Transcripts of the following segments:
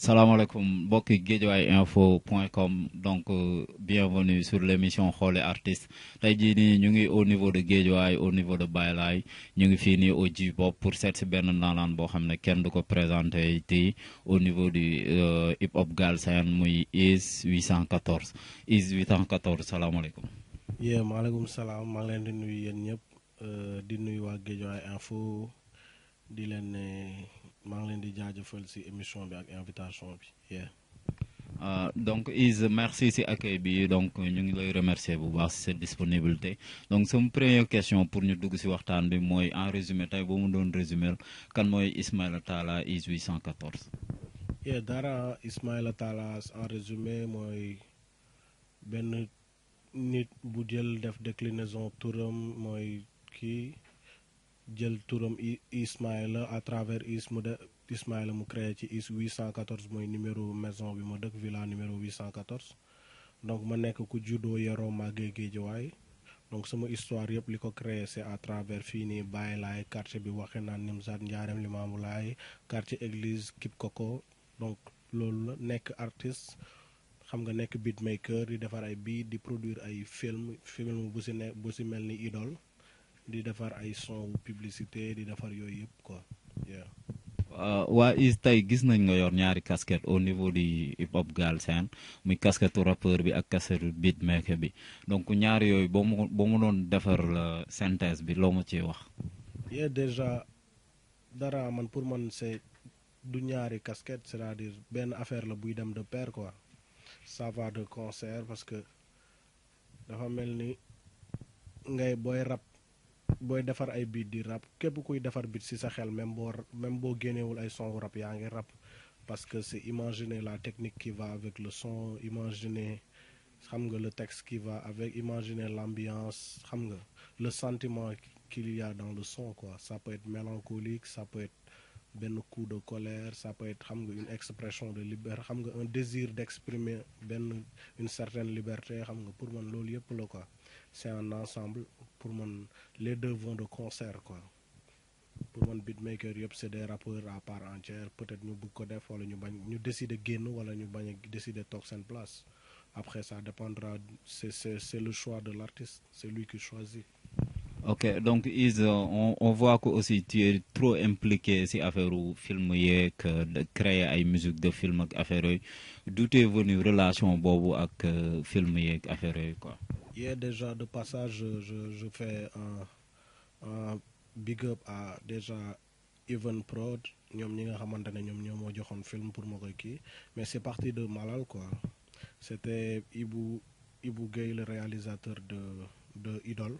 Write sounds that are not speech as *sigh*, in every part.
Salam alaikum. Boki info donc euh, bienvenue sur l'émission émission Artist. artiste sommes au niveau de géejawaay au niveau de Bailai. nous ngi fini j au pour cette semaine, nous ndaanaan boo présenté au niveau du euh, hip hop galsen muy IS 814 IS 814 salam alaikum. Yeah, salam salam. ngi leen de nuyu yéen ñëpp euh, di nuyu nous info maa ngi leen di jaajëfal si émission bi ak invitation bi yeah. Euh, donc Iz merci si accueil bi donc ñu ngi lay remercier bu baax cette disponibilité donc son première question pour ñu dugg si waxtaan bi en résumé tey boo mu doon résumer kan mooy Ismaila Talla Iz 814. yeah dara ismaël Talla en résumé moi ben, nit bu jël def déclinaison turam mooy qui jël turam Ismaïla à travers is mu de Ismaïla mu créé ci is 814 mooy numéro maison bi ma dëkk villa numéro 814 donc ma nekk ku juddoo yaroo màggee Géejawaay donc sama histoire yëpp li ko créé c'est à travers fii ni bàyyi Laay quartier bi waxee naan Nimzaat Njaareem Limaamu Laay quartier église Kip Koko donc loolu la nekk artiste xam nga nekk bit beatmaker di defar ay beat di produire ay film film bu si ne bu si mel ni idole di defar ay son publicité di defar yooyu quoi euh, wa is tey gis nañ nga yor ñaari casquette au niveau du hip hop Galsen muy casquette rappeur bi ak casquette beatmaker bi donc ñaar yoy bo mu don defar la euh, synthèse bi loo ci wax yee déjà dara man pour man c'est du ñaari casquette c'est-à-dire ben affaire la buy dem de pair quoi ça va de concert parce que dafa melni ngay boy rap boy defar ay beat di rap kep kuy defar beat si sa xel même bo même bo guenewul ay son rap ya ngi rap parce que c'est imaginer la technique qui va avec le son imaginer xam nga le texte qui va avec imaginer l'ambiance xam nga le sentiment qu'il y a dans le son quoi ça peut être mélancolique ça peut être ben coup de colère ça peut être une expression de liberté un désir d'exprimer ben une certaine liberté pour moi, c'est un ensemble pour les deux vont de concert quoi pour le beatmaker c'est des rappeurs à part entière peut-être nous nous ko def nous ñu bañ ñu décider nous wala ñu bañ place après ça dépendra c'est le choix de l'artiste c'est lui qui choisit Ok, donc Is, euh, on, on voit que aussi tu es trop impliqué si affaire ou film euh, de créer une musique de film avec affaire yooyu d'où est venu relation avec avec euh, film et affaire il quoi. hier déjà de passage je, je, fais un, big up à déjà Even Prod ñoom ñi nga xamante ne film pour moi qui, mais c'est parti de Malal quoi c'était Ibu Ibou Gay le réalisateur de de Idole.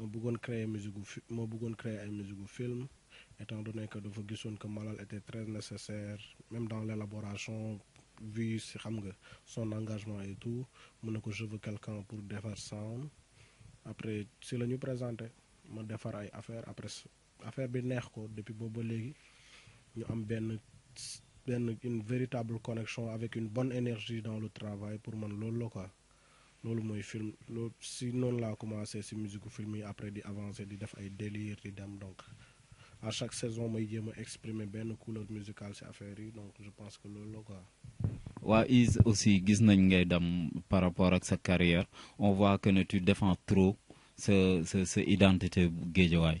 Je bëggoon créer musique musique film étant donné que le gisoon que Malal était très nécessaire même dans l'élaboration vu son engagement et tout je veux quelqu'un pour defar ça. après si la ñu présenté ma defar ay affaire après affaire bi neex ko depuis boobu ba léegi ñu am une véritable connexion avec une bonne énergie dans le travail pour man loolu la loolu moy film loolu si non la commencé si musique film après di avancer di def ay délire di dem donc à chaque saison may jema exprimer ben couleur musicale si affaire yi donc je pense que loolu quoi. wa is aussi gis nañ ngay dam par rapport ak sa carrière on voit que ne tu défends trop ce ce ce identité géejawaay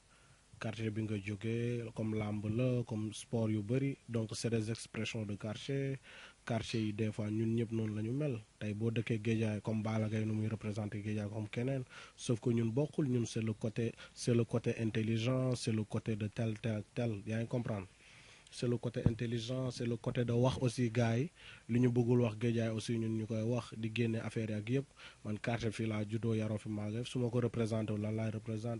quartier bi nga comme comme sport donc c'est des expressions de quartier quartier des fois comme comme sauf que ñun sommes c'est le côté c'est le côté intelligent c'est le côté de tel tel tel a comprendre c'est le côté intelligent c'est le côté de wax aussi gars l'union li ñu bëggul wax aussi ñun nouvelle koy wax di génne affaire ak yëpp man quartier fii laa juddoo yaro fi maagee su ma ko représente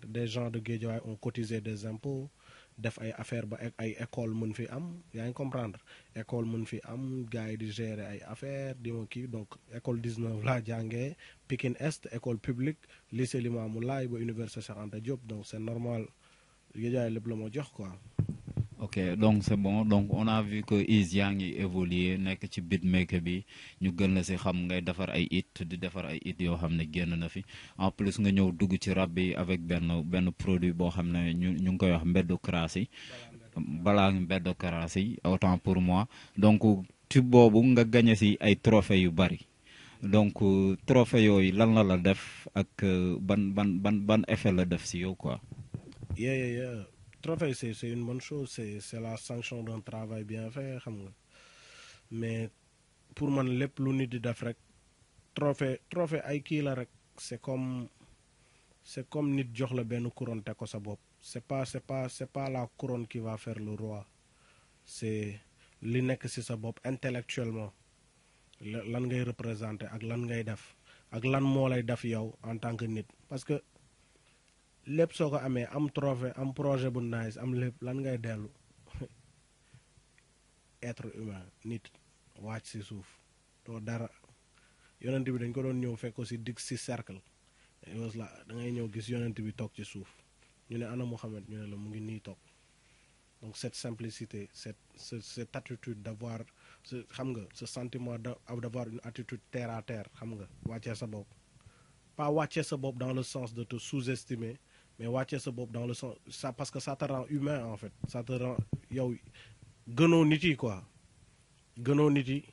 des gens de géejawaay ont cotisé des impôts def ay affaire ba ay école mën fi am yaa comprendre école mën fi am gars yi di gérer ay affaire di ma donc école 19 la jangé, Pikine Est école publique lycée Limamou bo université Cheikh job Diop donc c'est normal géejaay le plus quoi ok donc c'est bon donc on a vu que is yaa ngi évoluer nekk ci make bi ñu gën la si xam ngay defar ay it di defar ay it yoo xam ne génn na fi en plus nga ñëw dugg ci rab bi avec benn benn produit boo xam ne ñu ñu ngi koy wax mbeddu crasse yi balaa mbeddu crasse autant pour moi donc ci boobu nga gagné si ay trophée yu bari donc trophée yooyu lan la la def ak euh, ban ban ban ban effet la def si yow quoi yeah, yeah, yeah. trophée c'est une bonne chose c'est la sanction d'un travail bien fait mais pour moi les plus nit d'afrique le trophée trophée c'est comme c'est comme nit jox la une couronne te ko sa bopp c'est pas c'est pas c'est pas la couronne qui va faire le roi c'est li nekk ci sa intellectuellement lan représente représenter d'af lan ngay def en tant que nid parce que am projet nice am lan ngay *laughs* être humain nit wàcc si suuf dara yonent dañ ko fekk da ngay la donc cette simplicité cette cette attitude d'avoir ce xam ce sentiment d'avoir une attitude terre à terre xam nga wàccee sa pas wàccee sa bopp dans le sens de te sous-estimer mais wàccee sa bopp dans le sens ça parce que ça te humain en fait ça te rend yow gënoo nit yi quoi gënoo nit yi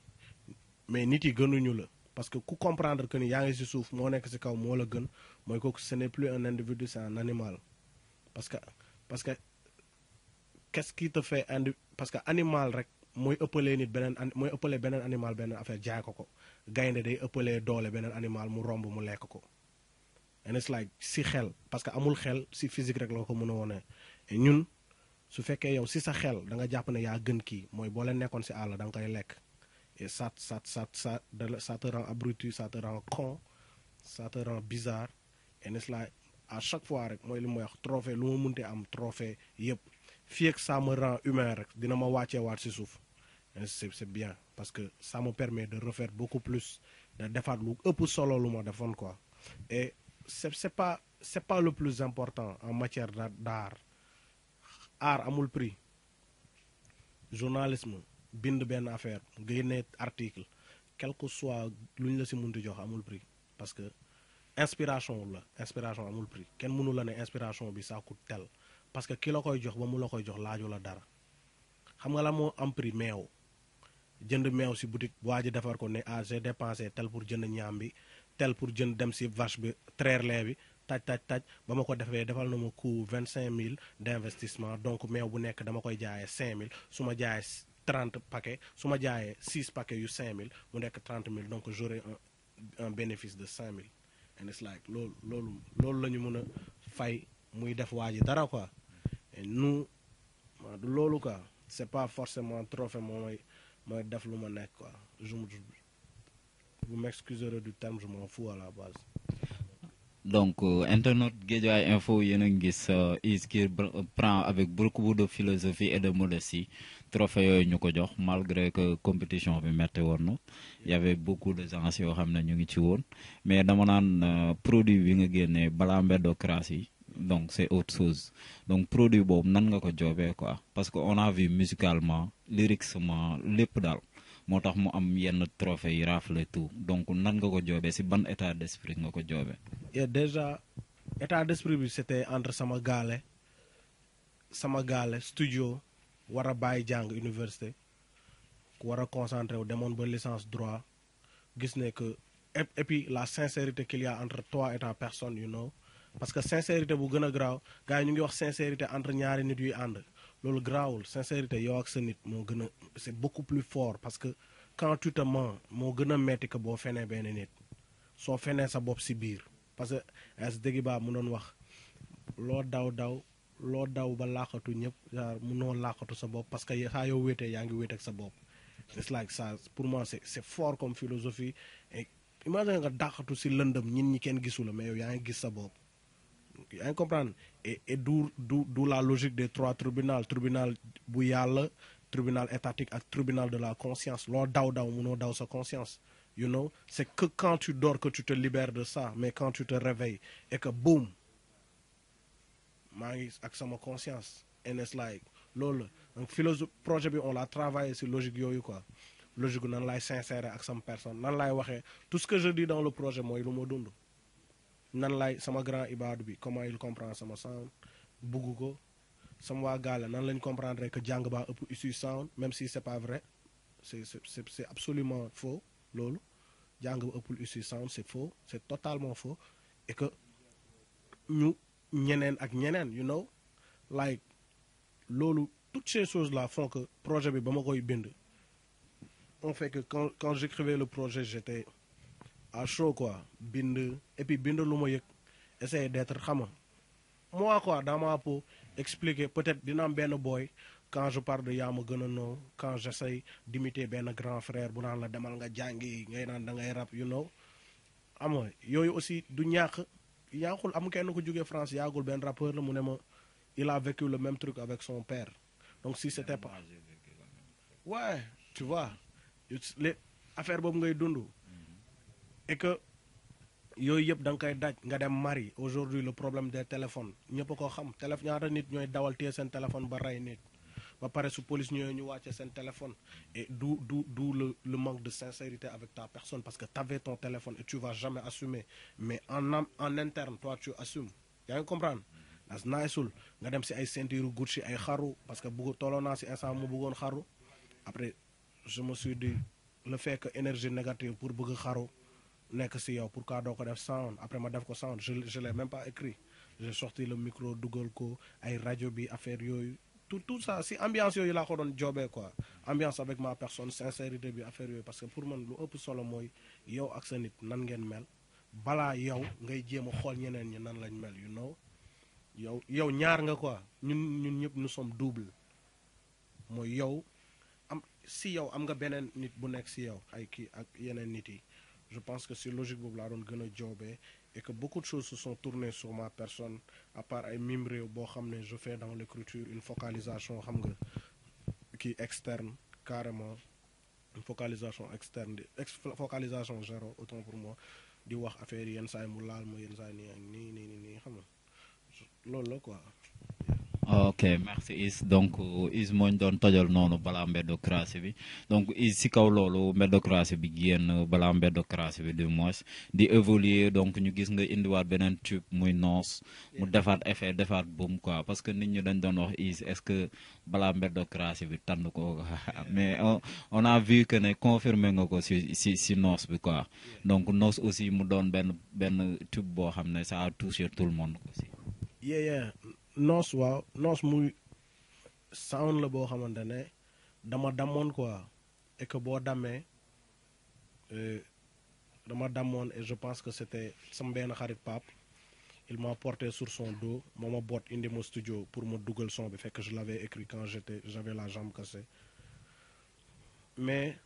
mais nit yi gënuñu la parce que ku comprendre que ni yaa ngi ci suuf moo nekk ci kaw moo la gën mooy kooku ce n'est plus un individu c'est un animal parce que parce que qu'est-ce qui te fait indi parce que animal rek mooy ëppalee nit beneen an mooy ëppalee beneen animal beneen affaire jaay ko ko gaynde day ëppalee doole beneen animal mu romb mu lekk ko and it's like si xel parce que amul xel si physique rek la ko mën woné et ñun su fekkee yow si sa xel da nga japp ne ya gën ki moy bo leen nekkoon si ala da nga koy lekk et sat sat sat sat ça te rend abruti ça te rend con ça te rend bizarre and it's like à chaque fois rek moy li wax trophée lu ma munte am trophée yépp fi ak ça me rend humain rek dina ma wàccee waat si suuf c'est c'est bien parce que ça me permet de refaire beaucoup plus de défaire lu ëpp solo lu ma defoon quoi et c'est c'est pas c'est pas le plus important en matière d'art art amul prix journalisme bind bien affaire génne article quel que soit lu de la si à jox amul prix parce que inspiration la inspiration amul prix quel mënu la ne inspiration bi ça coûte tel parce que ki la koy jox ba mu la koy jox laaju la dara xam nga la moo am prix meew jënd meew si boutique waa ji d'affaires ko est à ah, j'ai dépensé tel pour jënd niambi bi pour d'une demi-vache très relève, tatatat, bon, moi, je vais devant le mot coup 25 000 d'investissement, donc, mais vous n'êtes que d'un mois, 5 000, sous ma 30 paquet, sous ma 6 paquet ou 5 000, vous n'êtes que 30 000, donc, j'aurai un bénéfice de 5 000. Et c'est comme, que l'eau, l'eau, l'eau, l'eau, l'eau, l'eau, l'eau, l'eau, l'eau, l'eau, l'eau, l'eau, l'eau, l'eau, l'eau, l'eau, l'eau, l'eau, de l'eau, l'eau, l'eau, l'eau, vous m'excuserez du terme, je m'en fous à la base. Donc, euh, Internet Guédia Info Yenengis, euh, qui prend avec beaucoup de philosophie et de modestie, trophée Nyukodjok, malgré que la compétition avait météo, il y avait beaucoup de gens qui ont été Mais dans mon euh, produit, il y a balambédocratie. donc c'est autre chose donc produit boobu nan nga ko quoi parce qu'on a vu musicalement lyriquement les pédales motax tax mu am yenn trophée yi rafle tout donc nan nga ko joobee ci ban état d'esprit nga ko déjà état d'esprit c'était entre sama samagale sama galé studio wara a jang université ko wara a concentré licence droit gis né que et puis la sincérité qu'il y a entre toi et ta personne you know parce que sincérité bu gëna graw garaaw gars ñu ngi wax sincérité entre ñaari nit yu loolu garaawul sincérité yow ak sa nit moo gën a c'est beaucoup plus fort parce que quand te mens moo gën a metti que boo fenee benn nit soo fenee sa bopp si biir parce que as dëgg baa mu doon wax loo daw daw loo daw ba laaxatu ñëpp genre munoo laaxatu sa bopp parce que saa yow wéetee yaa ngi wéet ak sa bopp c'est like ça pour moi c'est c'est fort comme philosophie et imagine nga dàqatu si lëndëm ñin ñi kenn gisu la mais yaa ngi gis sa bopp a ngi comprendre et et d'où d'où d'où la logique des trois tribunaux tribunal bu tribunal étatique et tribunal de la conscience lors daw daw munoo daw sa conscience you know c'est que quand tu dors que tu te libères de ça mais quand tu te réveilles et que boum maa accès ak conscience and it's like lol. Un philosophe projet on l'a travaillé sur logique yoyou quoi logique nan La sincère ak sama personne nan la tout ce que je dis dans le projet moi, il le nan lay sama grand ibadu bi comment il comprend sama sound bugg ko sama wa gala nan lañ comprendre que jang ba ëpp issu sound même si c'est pas vrai c'est c'est c'est absolument faux lolu jang ba ëppul issu sound c'est faux c'est totalement faux et que ñu ñeneen ak ñeneen you know like lolu toutes ces choses là font que projet bi bama koy bind on fait que quand quand j'écrivais le projet j'étais à chaud quoi bind et puis bind luma yek essayer d'être xam moi quoi dans ma peau expliquer peut-être dina am ben boy quand je parle de yama gëna no quand j'essaie d'imiter ben grand frère bu nan la demal nga jangi ngay nan da ngay rap you know amo yoyu aussi du ñàkk yaaxul am kenn ko jógee France yaagul ben rappeur la mu ne ma il a vécu le même truc avec son père donc si c'était pas ouais tu vois les affaire boobu ngay dund et que yooyu yëpp da nga daj nga dem mari aujourd'hui le problème des téléphones ñëpp a ko xam téléphone ñaata nit ñoy dawal té sen téléphone ba ray nit ba pare su police ñoy ñu wàcce sen téléphone et d'où d'où d'où le manque de sincérité avec ta personne parce que t'avais ton téléphone et tu vas jamais assumer mais en en interne toi tu assumes yaa ngi comprendre as naaysul nga dem si ay ceinture gudd ay xaru parce que tu tolo na ci instant mu bëggon xaru après je me suis dit le fait que énergie négative pour bëgg xaru nekk si yow pourquoi doo ko def sound après ma def ko sound je je l'ai même pas écrit j'ai sorti le micro dugal ko ay radio bi affaire yooyu tout tout ça si ambiance yooyu laa ko doon joobee quoi ambiance avec ma personne sincérité bi affaire yooyu parce que pour man lu ëpp solo mooy yow ak sa nit nan ngeen mel balaa yow ngay jéem a xool ñeneen ñi nan lañ mel you know yow yow ñaar nga quoi ñun ñun nous sommes double mooy yow am si yow am nga beneen nit bu nekk si yow ay kii ak yeneen nit je pense que c'est logique pour la ronde gën et que beaucoup de choses se sont tournées sur ma personne à part ay mim bo xamné je fais dans l'écriture une focalisation xam nga externe carrément une focalisation externe focalisation zéro autant pour moi di wax affaire yeen say mu ni ni xam quoi. Ah, ok merci Is donc Is mooñ doon tojal noonu balaa mbeddocratie bi donc Is si kaw loolu mbeddocratie bi génn balaa mbeddocratie bi du mois di évoluer donc ñu gis nga indiwaat beneen tube muy noos mu defaat effet defaat boom quoi parce que nit ñu dañ doon wax Is est-ce que balaa mbeddocratie bi tand ko *laughs* mais on a vu que ne confirmé nga ko si si si noos bi quoi donc noos aussi mu doon benn benn tube boo xam ne ça tout touché tout le monde si soit non noos muy sound la bo xamante dama damone quoi et que damé euh dama damone et je pense que c'était sama ben xarit Pape il m'a porté sur son dos moo ma indi mo studio pour mon dougal son bi que je l'avais écrit quand j'étais j'avais la jambe cassée mais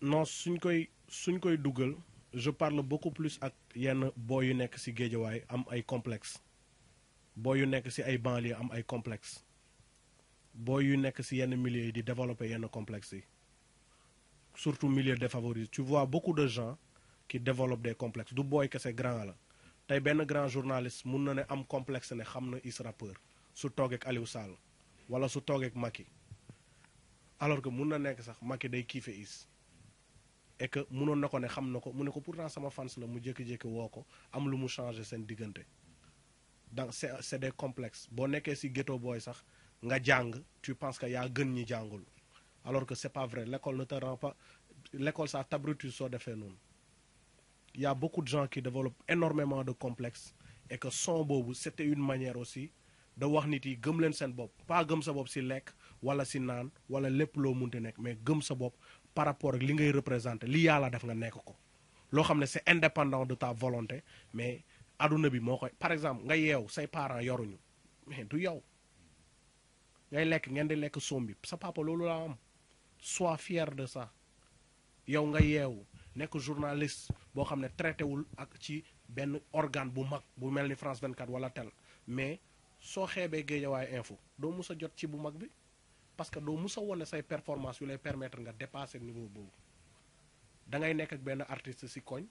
non suñ koy suñ koy dougal je parle beaucoup plus ak yenn boo yu nekk ci géejawaay am ay complexe boo yu nekk si ay banlieue am ay complexe boo yu nekk si yenn milieu di développer yenn complexe yi surtout milieu défavorisé tu vois beaucoup de gens qui développent des complexes du que c'est grand la tay benn grand journaliste mun na am complexe ne xam na Is rappeur su ak Aliou Sall wala su ak Macky alors que mun na nekk sax Macky day Is et que munoon na ko ne xam na ko mu ne ko pourtant sama fans la mu jékki-jékki woo ko am lu mu changé seen donc c'est des complexes boo tu si ghetto boy sax nga jang, tu penses y a gën ñi jàngul alors que c'est pas vrai l'école ne te rend pas l'école ça t'abrutit soo defee noonu il y a beaucoup de gens qui développent énormément de complexes et que son boobu c'était une manière aussi de voir niti gëm len sen bob. pas gëm sa bob si lek, wala si nan, wala lepp lo nek, mais gëm sa bob par rapport à li ngay représenter li ce que nga nekk c'est indépendant de ta volonté mais aduna bi mokoy par exemple nga yew say parents yoruñu mais du yow ngay lek ngeen di lek sombi sa papa lolu la am sois fier de ça yow nga yew nek journaliste bo traité wul ak ci ben organe bu mag bu melni France 24 wala tel mais xébé xeebee way info do musa jot ci bu mag bi parce que do musa a say performance yu lay permettre nga dépasser niveau bobu da ngay nek ak ben artiste si cogne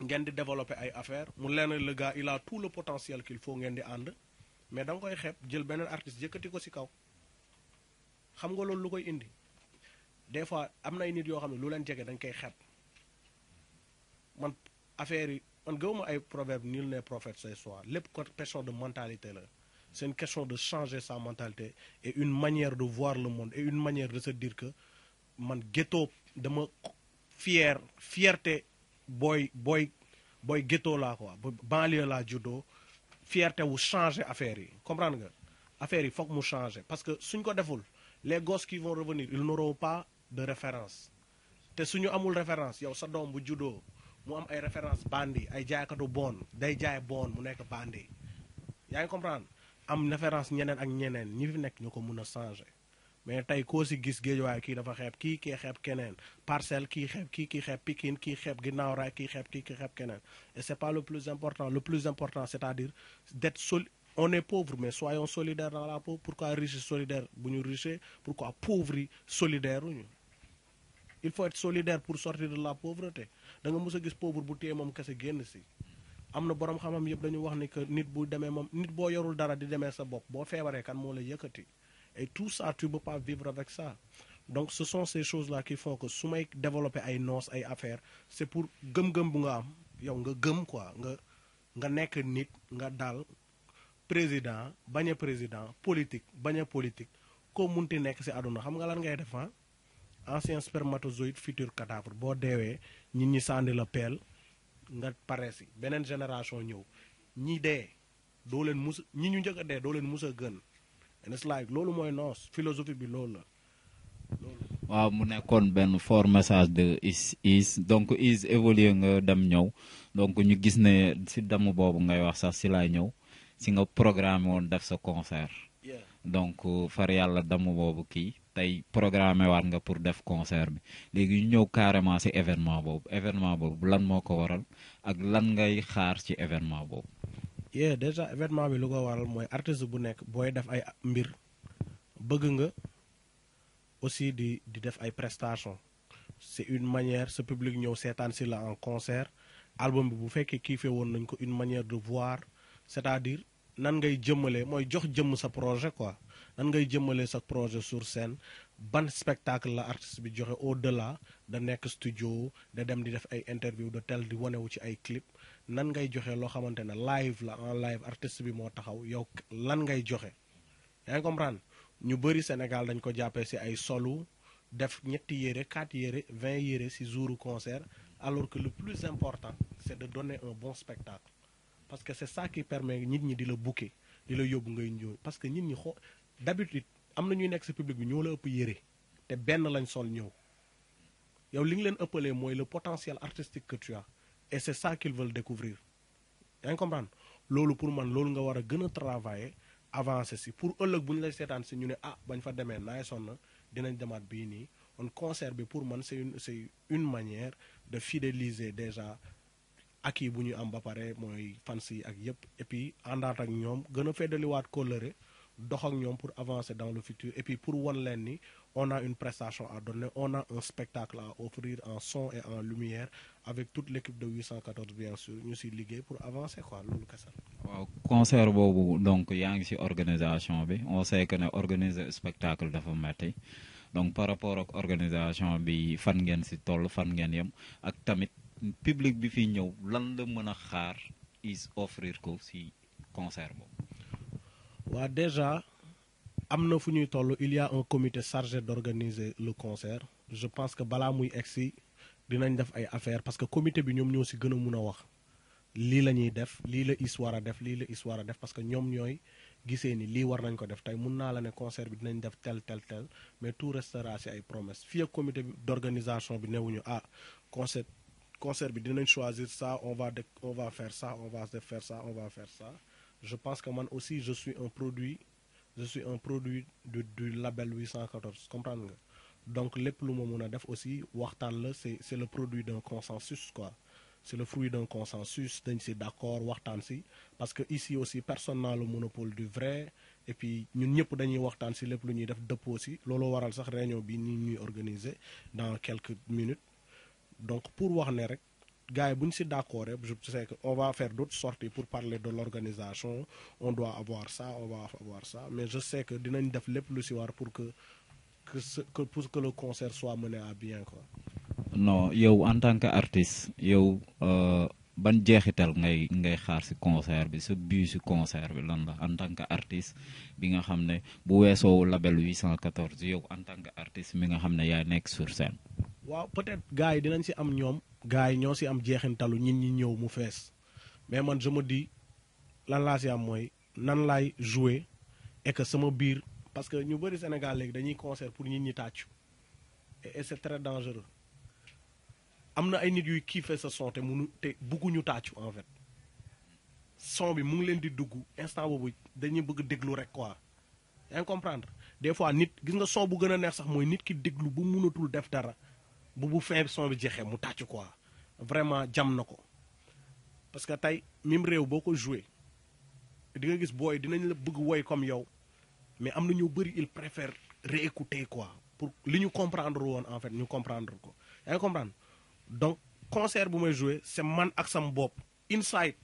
ngeen di développer ay affaire mu leen le gars il a tout le potentiel qu'il faut ngeen di ànd mais da nga koy xeeb jël beneen artiste yëkkati ko ci kaw xam nga loolu lu koy indi des fois am na ay nit yoo xam ne lu leen jege dañ koy xeeb man affaire yi man gëwuma ay proverbe nul ne prophète ce soir lépp question de mentalité la c'est une question de changer sa mentalité et une manière de voir le monde et une manière de se dire que man ghetto dama fier fierté boy boy boy ghetto là quoi banlieue là judo fierté ou changer affaire comprendre nga affaire faut que mu changer parce que suñ ko deful les gosses qui vont revenir ils n'auront pas de référence té suñu amul référence yow sa dom bu am ay référence bandi ay bonne day jaay bonne mu bandi ya comprendre am référence ñenen ak ñenen ñi fi nek ñoko mais tey koo si gis géejuwaay kii dafa xeeb kii kii xeeb keneen parcelle kii xeeb kii kii xeeb Pikine kii xeeb ginnaaw raay kii xeeb kii kii xeeb keneen et c'est pas le plus important le plus important c'est-à-dire d'être soli on est pauvre mais soyons solidaires dans la pauvre pourquoi riche solidaire bu ñu riche pourquoi pauvre yi solidaire ñu il faut être solidaire pour sortir de la pauvreté da nga mës a gis pouvre bu téye moom kese génn si am na borom xam-xam yëpp dañu wax ni que nit bu demee moom nit boo yorul dara di demee sa bopp boo feebaree kan moo la yëkkati Et tout ça, tu ne peux pas vivre avec ça. Donc, ce sont ces choses-là qui font que si je développe des noces, des affaires, c'est pour gum gum bunga, yow nga gëm quoi, nga nga nek dal président, bagné président, politique, bagné politique, ko un nek ci aduna. Xam nga lan ngay def hein? Ah? Ancien spermatozoïde, futur cadavre. Bo déwé, ñi ñi sandi la pel, nga paresi. Benen génération ñew. Ñi dé do len mus ñi ñu jëk dé do len musa gën. and loolu mooy noos philosophie bi loolu la waaw mu nekkoon benn fort message de is is donc is évolué nga dem ñëw donc ñu gis ne si damm boobu ngay wax sax si laay ñëw si nga programme woon def sa concert. donc euh, far yàlla damm boobu kii tey programmé waat nga pour def concert bi léegi ñu ñëw carrément si événement boobu événement boobu lan moo ko waral ak lan ngay xaar ci événement boobu. yeah déjà événement bi lu ko waral moy artiste bu nek boy def ay mbir bëgg nga aussi di di def ay prestation c'est une manière ce public ñeu sétane ci la en concert album bi bu fekkee kiffé won nañ ko une manière de voir c'est-à-dire nan ngay jëmmalé moy jox jëm sa projet quoi nan ngay jëmmalé sa projet sur scène ban spectacle la artiste bi joxe au delà da nek studio da dem di def ay interview de tel di wu ci ay clip nan ngay joxe lo xamantene live la en live artiste bi mo taxaw yow lan ngay joxe yaa ngi comprendre ñu bari Sénégal dañ ko jappé ci ay solo def ñetti yéré quatre yéré vingt yéré ci jouru concert alors que le plus important c'est de donner un bon spectacle parce que c'est ça qui permet nit ñi di la bouquer di la yóbbu ngay ñëw parce que nit ñi d'habitude amna ñuy nekk ci public bi ñoo la ëpp yéré té benn lañ sol ñëw yow li nga leen moy le potentiel artistique que tu as et c'est ça qu'ils veulent découvrir Tu ngi C'est pour man veux nga war a travailler pour que bu lay si ñu ah bañ fa demee naay sonn dinañ on conserve pour moi c'est une c'est une manière de fidéliser déjà à qui am ba pare et puis àndaat ak faire pour avancer dans le futur et puis pour Wanleni, on a une prestation à donner on a un spectacle à offrir en son et en lumière avec toute l'équipe de 814 bien sûr nous sommes ligués pour avancer quoi concert boobu donc yaa si organisation on sait que organisé un spectacle dafa donc par rapport à l'organisation bi fan ngeen si toll fan ngeen yem ak public bi fi ñëw lan la mëna a xaar is offrir ko si concert déjà il y a un comité chargé d'organiser le concert je pense que Bala muy exi dinañ def ay affaires parce que le comité bi ñoom ñoo ci gën a mun a wax lii la def la a def la def parce que nous ñooy gisee ni lii war nañ ko def tay mun la né concert bi dinañ def tel tel tel mais tout restera ci ay promesses fii ak comité d'organisation bi néwuñu ah concert concert bi dinañ choisir ça on va on va faire ça on va faire ça on va faire ça je pense que moi aussi je suis un produit je suis un produit du, du label 814 comprendre donc les plumes aussi c'est le produit d'un consensus quoi c'est le fruit d'un consensus d'un c'est d'accord parce que ici aussi personne n'a le monopole du vrai et puis nous ne dañuy pas si plumes lu ñuy def dëppoo si Lolo waral sax réunion bi ni dans quelques minutes donc pour wax gars, si d'accord, je sais qu'on va faire d'autres sorties pour parler de l'organisation. On doit avoir ça, on va avoir ça. Mais je sais que lepp lu ci plus pour que, que, ce, que, pour que le concert soit mené à bien. Quoi. Non, yow en tant qu'artiste, yow euh, ban jeexital ngay ngay xaar ci concert bi ce but si concert bi lan la en tant qu'artiste, artiste bi nga xamné bu weesoo label 814 yow en tant qu'artiste, artiste mi nga xamné ne nek sur scène. waaw peut-être gars yi dinañ si am ñom gars ñoo ci am jeexintalu ñin ñi ñëw mu fess mais man je me dis lan la ci am moy nan lay jouer et que sama biir parce que ñu bari Sénégal légui dañuy concert pour ñit ñi tatchu et c'est très dangereux Amna ay nit yuy kiffé sa son te munu te en fait son bi mu ngi leen di dugg instant bobu dañuy bëgg déglu rek quoi yaa comprendre des fois nit gis nga son bu gën a neex sax mooy nit ki déglu ba mënatul def dara bu bu fin son bi jeexee mu tàcc quoi vraiment jam na ko parce que tey mim réew boo ko joué di nga gis booy dinañ la bëgg woy comme yow mais am na ñu bëri il préfère réécouter quoi pour li ñu comprendre woon en fait ñu comprendre ko yaa ngi comprendre donc concert bu may joué c'est man ak sam bopp inside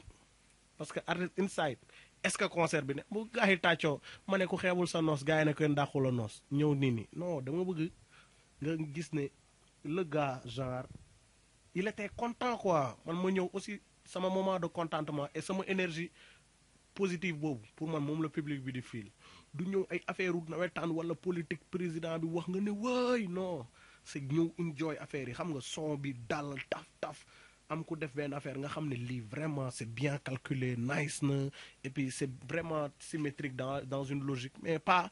parce que artiste inside est-ce que concert bi ne bu gars yi tàccoo ma ne ku xeebul sa nos gars yi ne ko dàqu la nos ñëw nii nii non dama bëgg nga gis ne le gars genre il était content quoi man mo ñëw aussi sama moment de contentement et sama énergie positive bob pour man mom le public bi di fil du ñëw ay affaire na wétan wala politique président bi wax nga né waay non c'est ñëw enjoy affaire yi xam nga son bi dal taf taf am ko def ben affaire nga xamné li vraiment c'est bien calculé nice na et puis c'est vraiment symétrique dans dans une logique mais pas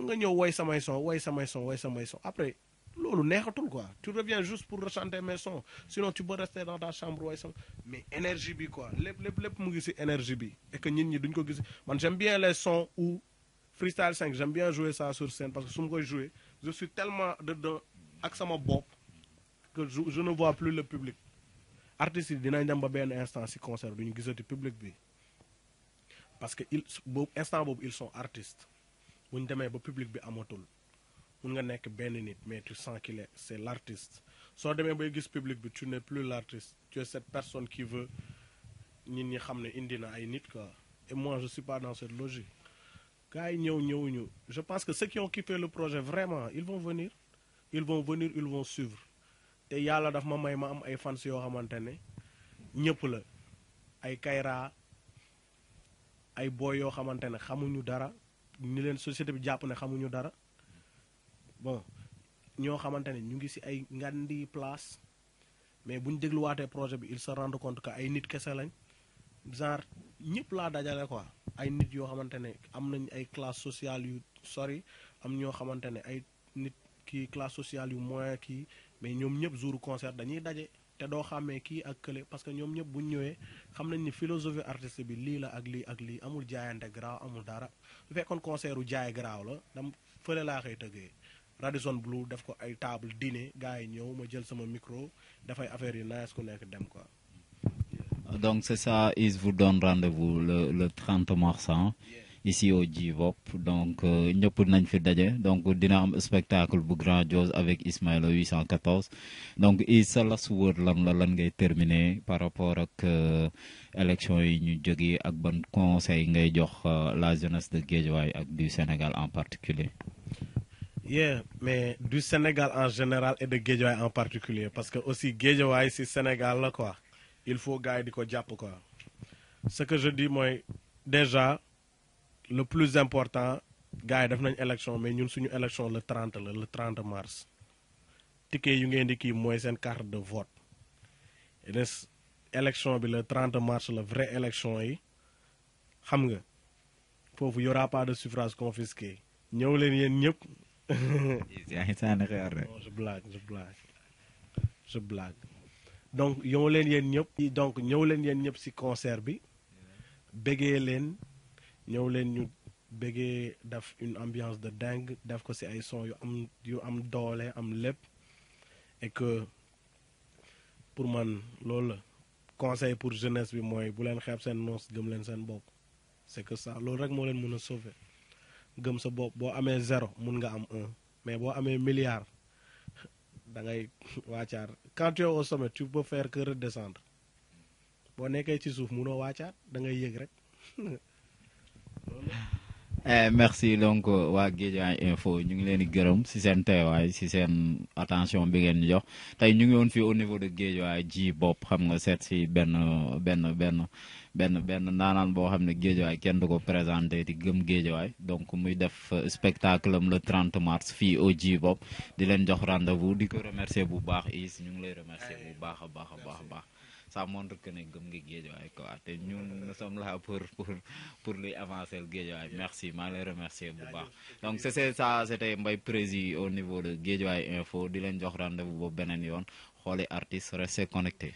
nga ñëw woy samay son woy samay son woy samay son après quoi tu reviens juste pour rechanter mes sons sinon tu peux rester dans ta chambre mais énergie quoi les énergie et que j'aime bien les sons ou freestyle 5 j'aime bien jouer ça sur scène parce que si je joue, je suis tellement dedans ak sama que je ne vois plus le public artistes yi dinañ dem ba instant si concert une public parce que sont instant ils sont artistes bu public on nga nekk benn nit mais tu sens qu'il est c'est l'artiste soo demee bay gis public bi tu n'es plus l'artiste tu es cette personne qui veut nit ñi xam ne indi na ay nit quoi et moi je suis pas dans cette logique gars yi ñëw je pense que ceux qui ont kiffé le projet vraiment ils vont venir ils vont venir ils vont suivre te yàlla daf ma may ma am ay fans yoo xamante ne ñëpp la ay à ay boy yoo xamante ne xamuñu dara ni leen société bi jàpp ne xamuñu dara bon ñoo xamante ne ñu ngi si ay ngandi place mais bu ñu dégluwaatee projet bi il se rend compte que ay nit kese lañ genre ñëpp laa dajale quoi ay nit yoo xamante ne am nañ ay classe sociale yu sori am ñoo xamante ne ay nit kii classe sociale yu moyen kii mais ñoom ñëpp jour concert dañuy daje te doo xàmmee kii ak kële parce que ñoom ñëpp bu ñu ñëwee xam nañ ni philosophie artiste bi lii la ak lii ak lii amul jaayante garaaw amul dara bu fekkoon concert u jaay garaaw dam fële laa koy tëggee Radisson Blu def ko ay table dîner gars yi ñëw ma jël sama micro dafay affaire yi nice ku nekk dem quoi. Donc c'est ça, ils vous donnent rendez-vous le, le 30 mars hein, ici au Jivop. Donc euh, ñëpp nañ fi dajé donc dina am spectacle bu grandiose avec Ismaël 814. Donc il sa las ce lan la lan ngay terminer par rapport ak euh, élection yi ñu jógee ak ban conseil ngay jox euh, la jeunesse de Guédiawaye ak du Sénégal en particulier oui, mais du Sénégal en général et de Guédiawaye en particulier parce que aussi Guédiawaye c'est Sénégal quoi il faut gars yi di quoi ce que je dis moi, déjà le plus important gars yi une élection mais ñun suñu élection le 30 le 30 mars ticket yu indiqué di kii mooy carte de vote Et les élection le 30 mars la vraie élection il n'y y aura pas de suffrage confisqué Nous, leen nous, yaa ngi sànni xeer rek. je blague je blague je blague donc ñëw leen yéen ñëpp. donc ñëw leen yéen ñëpp si concert bi bégee leen ñëw leen ñu bégee def une ambiance de dingue def ko si ay sons yu am yu am doole am lépp et que pour man loolu la conseil pour jeunesse bi mooy bu leen xeeb seen nos gëm leen seen bopp c'est que ça loolu rek moo leen mën a sauver. gëm sa bopp boo amee zéro mun nga am un mais boo amee milliard da ngay *laughs* waacaar quand tu es au sommet tu peux faire que redescendre boo nekkee ci suuf munoo waacaar da ngay yëg rek. *laughs* Eh, merci donc wa Guédiawaye info ñu ngi leen di gërëm si seen teewaay si seen attention bi ngeen jox tey ñu ngi woon fii au niveau de Guédiawaye ji bopp xam nga seet si benn benn benn benn benn ndaanaan boo xam ne Guédiawaye kenn du ko présenté di gëm Guédiawaye donc muy def spectacle am le 30 mars fii au ji bopp di leen jox rendez-vous di ko remercier bu baax Is ñu ngi lay remercier bu baax a baax a baax a baax. ça montre que ne gëm nga géejawaay quoi te ñun nous sommes pour pour pour luy avancer le géejawaay merci maa lay remercier bu ba donc c' est ça c' était Mbaye Prési au niveau de waay info di leen jox rendez-vous boobu beneen yoon xooli artiste restez connecté